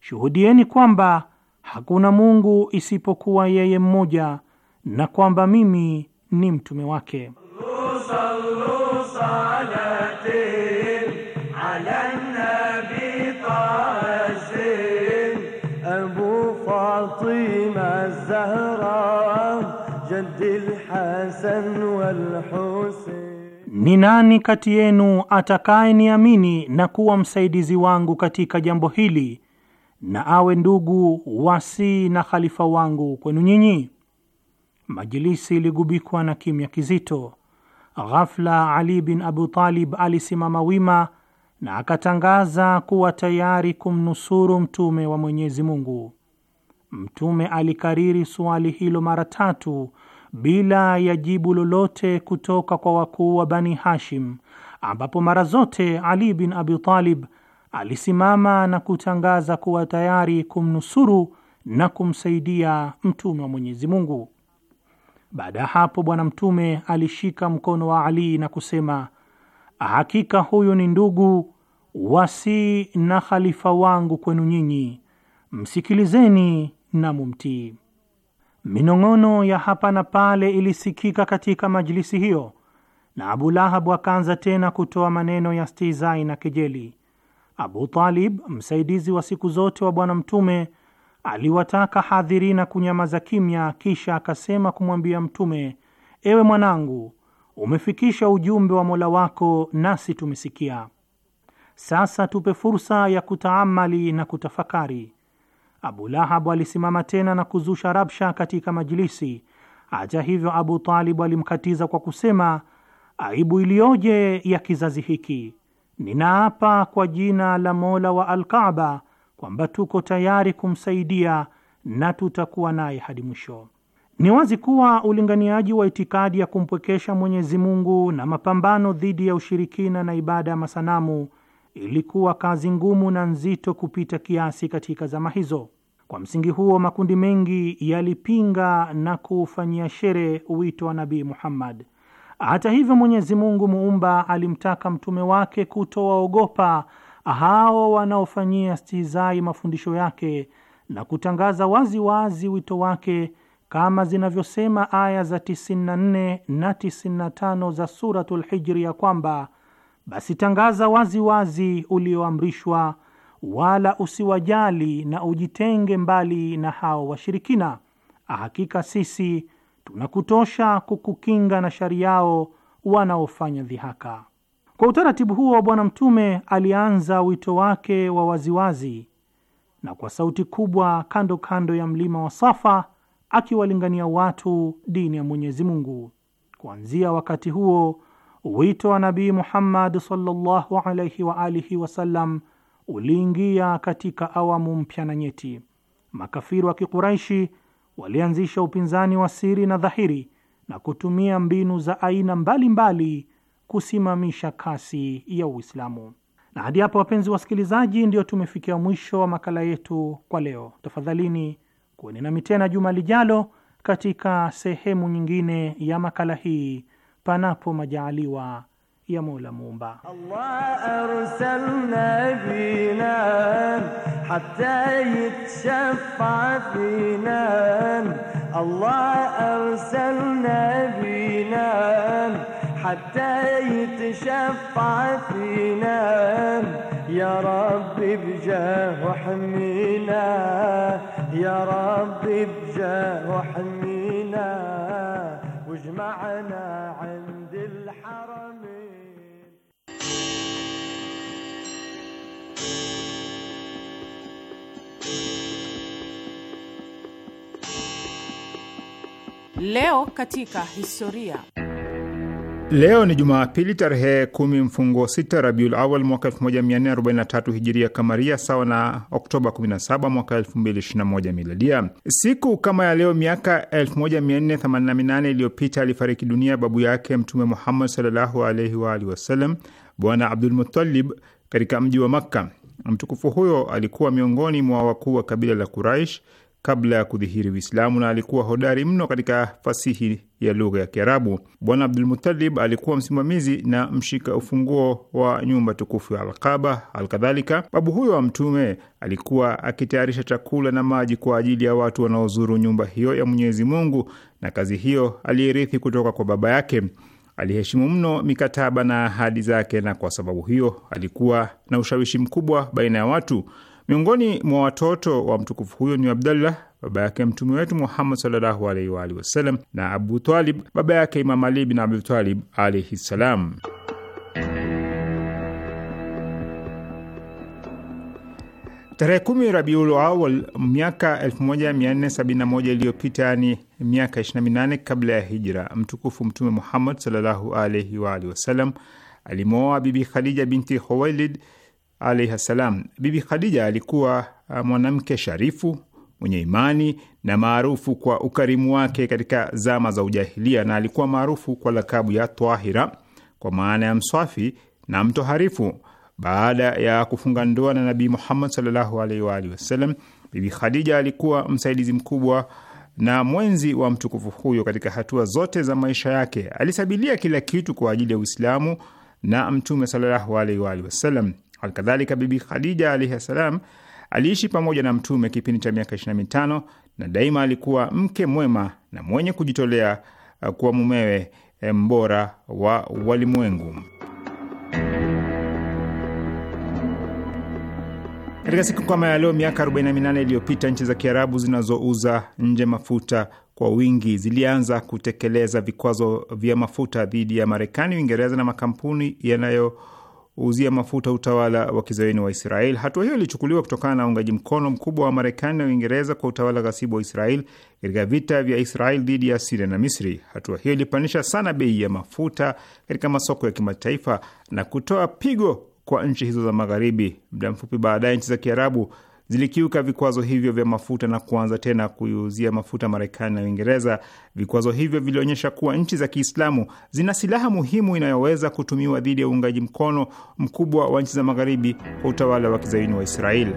shuhudieni kwamba hakuna Mungu isipokuwa yeye mmoja na kwamba mimi ni mtume wake. Sallu, sallu, Ni nani kati yenu atakayeniamini na kuwa msaidizi wangu katika jambo hili na awe ndugu wasi na khalifa wangu kwenu nyinyi? Majilisi iligubikwa na kimya kizito. Ghafla Ali bin Abu Talib alisimama wima na akatangaza kuwa tayari kumnusuru mtume wa Mwenyezi Mungu. Mtume alikariri suali hilo mara tatu bila ya jibu lolote kutoka kwa wakuu wa Bani Hashim, ambapo mara zote Ali bin Abi Talib alisimama na kutangaza kuwa tayari kumnusuru na kumsaidia mtume wa Mwenyezi Mungu. Baada ya hapo, Bwana Mtume alishika mkono wa Ali na kusema, hakika huyu ni ndugu wasi na khalifa wangu kwenu nyinyi, msikilizeni na mumtii. Minong'ono ya hapa na pale ilisikika katika majlisi hiyo, na Abu Lahabu akaanza tena kutoa maneno ya stizai na kejeli. Abu Talib, msaidizi wa siku zote wa Bwana Mtume, aliwataka hadhirina kunyamaza kimya, kisha akasema kumwambia Mtume, ewe mwanangu, umefikisha ujumbe wa Mola wako nasi tumesikia. Sasa tupe fursa ya kutaamali na kutafakari. Abu Lahabu alisimama tena na kuzusha rabsha katika majilisi. Hata hivyo, Abu Talibu alimkatiza kwa kusema, aibu iliyoje ya kizazi hiki! Ninaapa kwa jina la Mola wa alkaba kwamba tuko tayari kumsaidia na tutakuwa naye hadi mwisho. Ni wazi kuwa ulinganiaji wa itikadi ya kumpwekesha Mwenyezi Mungu na mapambano dhidi ya ushirikina na ibada ya masanamu ilikuwa kazi ngumu na nzito kupita kiasi katika zama hizo. Kwa msingi huo, makundi mengi yalipinga na kuufanyia shere wito wa Nabii Muhammad. Hata hivyo, Mwenyezi Mungu muumba alimtaka mtume wake kutowaogopa hao wanaofanyia stihizai mafundisho yake na kutangaza wazi wazi wito wake kama zinavyosema aya za 94 na 95 za Suratul Hijri ya kwamba basi tangaza wazi wazi ulioamrishwa, wala usiwajali na ujitenge mbali na hao washirikina. Hakika sisi tunakutosha kukukinga na shari yao wanaofanya dhihaka. Kwa utaratibu huo, Bwana Mtume alianza wito wake wa waziwazi na kwa sauti kubwa kando kando ya mlima wa Safa, akiwalingania watu dini ya Mwenyezi Mungu. Kuanzia wakati huo wito wa Nabii Muhammad sallallahu alayhi wa alihi wasallam uliingia katika awamu mpya na nyeti. Makafiri wa Kikuraishi walianzisha upinzani wa siri na dhahiri na kutumia mbinu za aina mbalimbali mbali kusimamisha kasi ya Uislamu. Na hadi hapa, wapenzi wasikilizaji, ndio tumefikia mwisho wa makala yetu kwa leo. Tafadhalini kuweni nami tena juma lijalo katika sehemu nyingine ya makala hii panapo majaliwa ya Mola Muumba. Allah arsalna bina hatta yitshaffa fina Allah arsalna bina hatta yitshaffa fina ya Rabbi bijah wahmina ya Rabbi bijah wahmina wajma'na Leo katika historia. Leo ni Jumapili tarehe kumi mfungo sita Rabiul Awal mwaka 1443 hijiria kamaria, sawa na Oktoba 17 mwaka 2021 miladia. Siku kama ya leo miaka 1488 iliyopita alifariki dunia babu yake Mtume Muhammad sallallahu alaihi wa alihi wasallam, Bwana Abdulmutalib katika mji wa Makka. Mtukufu huyo alikuwa miongoni mwa wakuu wa kabila la Quraish kabla ya kudhihiri Uislamu na alikuwa hodari mno katika fasihi ya lugha ya Kiarabu. Bwana Abdulmutalib alikuwa msimamizi na mshika ufunguo wa nyumba tukufu ya Alkaba. Alkadhalika, babu huyo wa Mtume alikuwa akitayarisha chakula na maji kwa ajili ya watu wanaozuru nyumba hiyo ya Mwenyezi Mungu, na kazi hiyo aliyerithi kutoka kwa baba yake. Aliheshimu mno mikataba na ahadi zake, na kwa sababu hiyo alikuwa na ushawishi mkubwa baina ya watu. Miongoni mwa watoto wa mtukufu huyo ni abdullah baba yake mtume wetu Muhammad sallallahu alaihi wa alihi wasallam na Abu Talib baba yake Imam Ali bin Abi Talib alaihi salam. Tarehe kumi Rabiul Awal miaka 1471 iliyopita, yani miaka 28 kabla ya hijra, mtukufu Mtume Muhammad sallallahu alaihi wa alihi wasallam alimwoa Bibi Khadija binti Khuwailid alaihi ssalam. Bibi Khadija alikuwa uh, mwanamke sharifu mwenye imani na maarufu kwa ukarimu wake katika zama za ujahilia, na alikuwa maarufu kwa lakabu ya Twahira kwa maana ya mswafi na mto harifu Baada ya kufunga ndoa na Nabii Muhammad sallallahu alaihi wa alihi wasallam, Bibi Khadija alikuwa msaidizi mkubwa na mwenzi wa mtukufu huyo katika hatua zote za maisha yake. Alisabilia kila kitu kwa ajili ya Uislamu na Mtume sallallahu alaihi wa alihi wasallam. Alkadhalika, Bibi Khadija alaihi ssalam aliishi pamoja na Mtume kipindi cha miaka 25 na daima alikuwa mke mwema na mwenye kujitolea uh, kuwa mumewe eh, mbora wa walimwengu. Katika siku kama ya leo miaka 48 iliyopita nchi za Kiarabu zinazouza nje mafuta kwa wingi zilianza kutekeleza vikwazo vya mafuta dhidi ya Marekani, Uingereza na makampuni yanayo kuuzia mafuta utawala wa kizayuni wa Israel. Hatua hiyo ilichukuliwa kutokana na uungaji mkono mkubwa wa Marekani na Uingereza kwa utawala ghasibu wa Israel katika vita vya Israel dhidi ya Siria na Misri. Hatua hiyo ilipandisha sana bei ya mafuta katika masoko ya kimataifa na kutoa pigo kwa nchi hizo za Magharibi. Muda mfupi baadaye, nchi za Kiarabu zilikiuka vikwazo hivyo vya mafuta na kuanza tena kuiuzia mafuta Marekani na Uingereza. Vikwazo hivyo vilionyesha kuwa nchi za Kiislamu zina silaha muhimu inayoweza kutumiwa dhidi ya uungaji mkono mkubwa wa nchi za Magharibi kwa utawala wa kizayuni wa Israeli.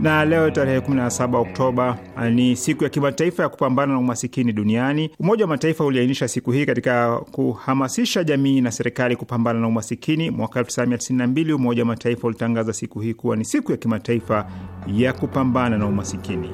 na leo tarehe 17 Oktoba ni siku ya kimataifa ya kupambana na umasikini duniani. Umoja wa Mataifa uliainisha siku hii katika kuhamasisha jamii na serikali kupambana na umasikini. Mwaka 1992 Umoja wa Mataifa ulitangaza siku hii kuwa ni siku ya kimataifa ya kupambana na umasikini.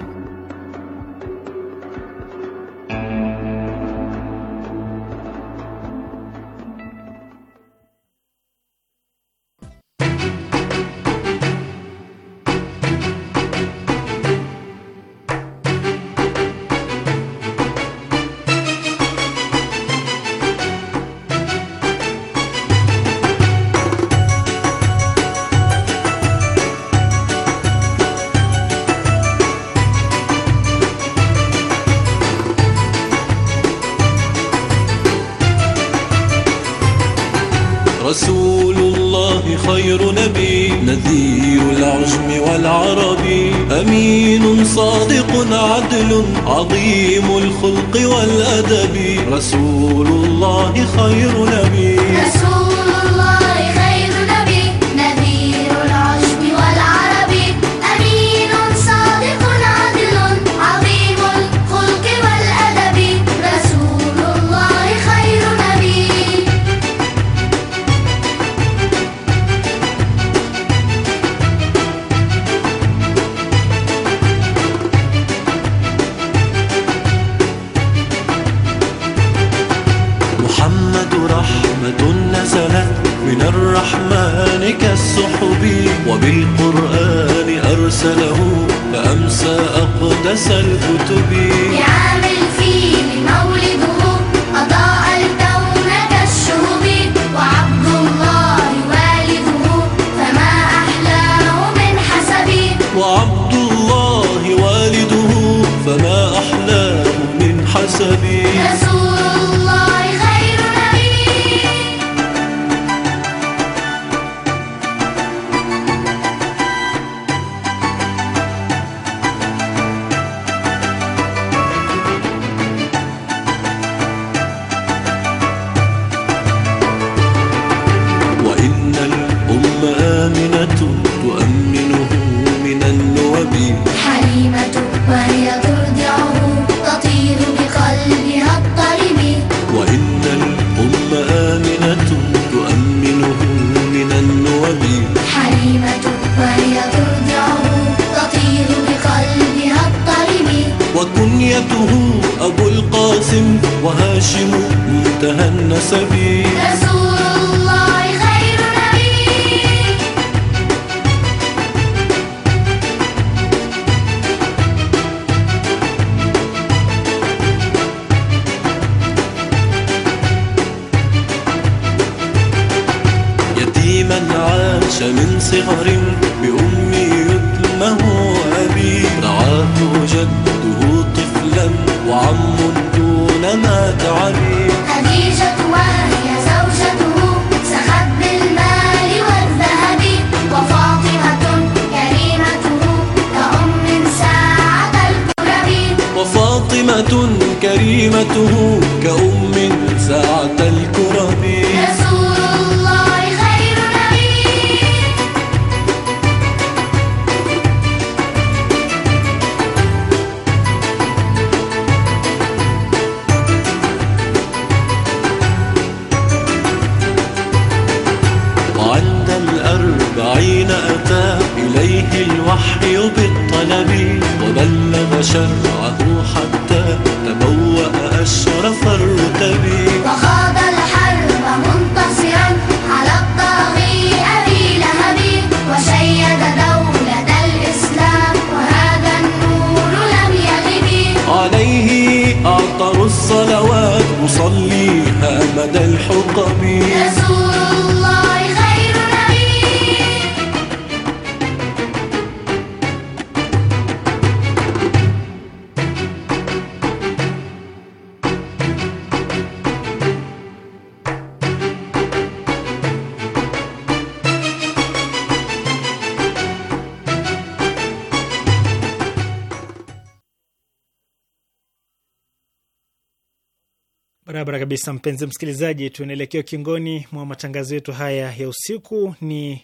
kabisa, mpenzi msikilizaji, tunaelekea ukingoni mwa matangazo yetu haya ya usiku. Ni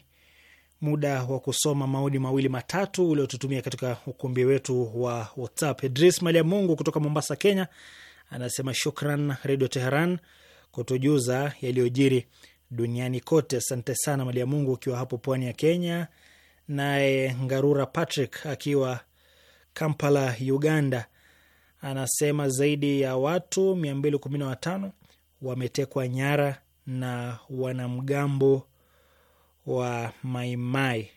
muda wa kusoma maoni mawili matatu uliotutumia katika ukumbi wetu wa WhatsApp. Idris Mali ya Mungu kutoka Mombasa, Kenya, anasema shukran Redio Teheran kutujuza yaliyojiri duniani kote. Asante sana Mali ya Mungu ukiwa hapo pwani ya Kenya. Naye Ngarura Patrick akiwa Kampala, Uganda, anasema zaidi ya watu mia mbili kumi na watano wametekwa nyara na wanamgambo wa Maimai.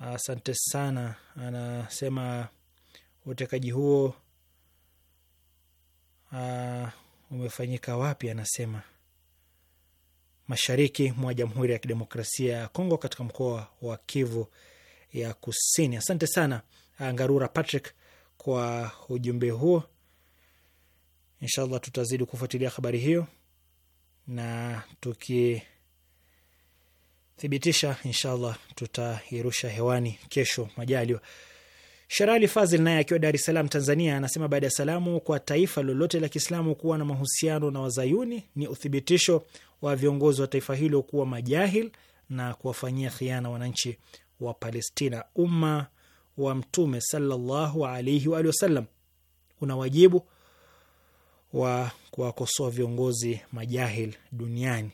Asante sana. Anasema utekaji huo uh, umefanyika wapi? Anasema mashariki mwa Jamhuri ya Kidemokrasia ya Kongo, katika mkoa wa Kivu ya Kusini. Asante sana Ngarura Patrick kwa ujumbe huo. Inshallah tutazidi kufuatilia habari hiyo na tukithibitisha, inshallah tutairusha hewani kesho majaliwa. Sherali Fazil naye akiwa Dar es Salaam, Tanzania, anasema baada ya salamu, kwa taifa lolote la Kiislamu kuwa na mahusiano na wazayuni ni uthibitisho wa viongozi wa taifa hilo kuwa majahil na kuwafanyia khiana wananchi wa Palestina. Umma wa Mtume sallallahu alaihi wa alihi wasallam una wajibu wa kuwakosoa viongozi majahil duniani.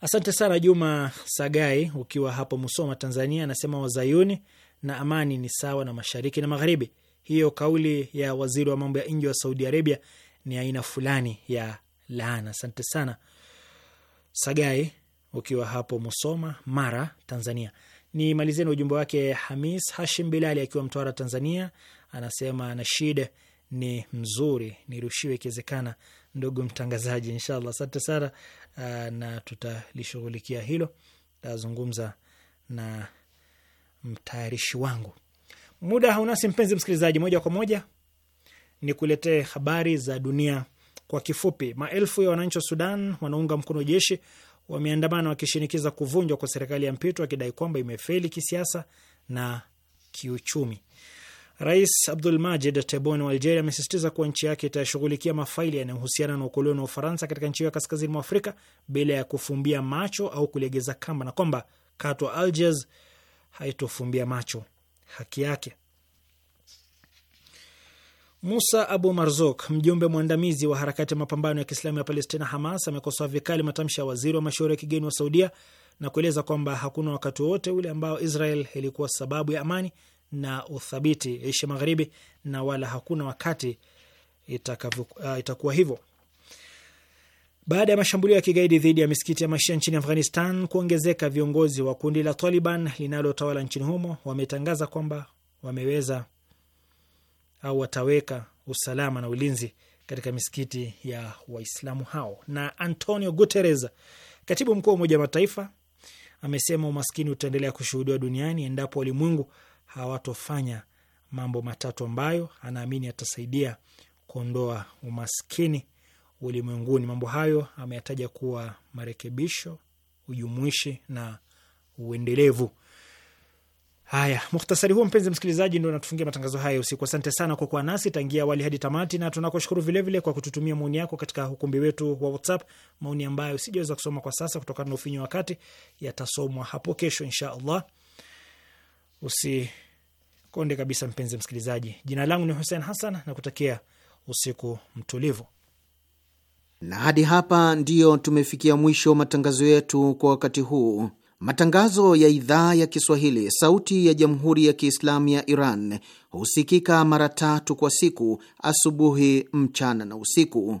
Asante sana Juma Sagai ukiwa hapo Musoma, Tanzania. Anasema wazayuni na amani ni sawa na mashariki na magharibi. Hiyo kauli ya waziri wa mambo ya nje wa Saudi Arabia ni aina fulani ya laana. Asante sana Sagai ukiwa hapo Musoma, Mara, Tanzania. Ni malizie na ujumbe wake Hamis Hashim Bilali akiwa Mtwara, Tanzania. Anasema Nashid ni mzuri, nirushiwe ikiwezekana, ndugu mtangazaji. Inshallah, asante sana uh, na tutalishughulikia hilo. Tazungumza na mtayarishi wangu. Muda haunasi, mpenzi msikilizaji, moja kwa moja ni kuletee habari za dunia kwa kifupi. Maelfu ya wananchi wa Sudan wanaunga mkono jeshi wameandamana wakishinikiza kuvunjwa kwa serikali ya mpito, wakidai kwamba imefeli kisiasa na kiuchumi. Rais Majid Tebboune wa Algeria amesisitiza kuwa nchi yake itashughulikia mafaili yanayohusiana na ukoloni wa Ufaransa katika nchi hiyo ya kaskazini mwa Afrika bila ya kufumbia macho au kulegeza kamba, na kwamba katwa Algiers haitofumbia macho haki yake. Musa Abu Marzuk, mjumbe mwandamizi wa harakati ya mapambano ya Kiislamu ya Palestina, Hamas, amekosoa vikali matamshi ya waziri wa mashauri ya kigeni wa Saudia na kueleza kwamba hakuna wakati wowote ule ambao Israel ilikuwa sababu ya amani na uthabiti Asia Magharibi, na wala hakuna wakati itakavu, uh, itakuwa hivyo. Baada ya mashambulio ya kigaidi dhidi ya misikiti ya Mashia nchini Afghanistan kuongezeka, viongozi wa kundi la Taliban linalotawala nchini humo wametangaza kwamba wameweza au wataweka usalama na ulinzi katika misikiti ya Waislamu hao. Na Antonio Guterres, katibu mkuu wa Umoja wa Mataifa, amesema umaskini utaendelea kushuhudiwa duniani endapo walimwengu hawatofanya mambo matatu ambayo anaamini yatasaidia kuondoa umaskini ulimwenguni. Mambo hayo ameyataja kuwa marekebisho, ujumuishi na uendelevu. Haya, muhtasari huo mpenzi msikilizaji, ndo natufungia matangazo haya usiku. Asante sana kwa kuwa nasi tangia awali hadi tamati, na tunakushukuru vilevile kwa kututumia maoni yako katika ukumbi wetu wa WhatsApp, maoni ambayo sijaweza kusoma kwa sasa kutokana na ufinyu wa wakati, yatasomwa hapo kesho insha allah usikonde kabisa, mpenzi msikilizaji. Jina langu ni Hussein Hassan na kutakia usiku mtulivu. Na hadi hapa ndiyo tumefikia mwisho matangazo yetu kwa wakati huu. Matangazo ya idhaa ya Kiswahili, sauti ya jamhuri ya kiislamu ya Iran husikika mara tatu kwa siku: asubuhi, mchana na usiku.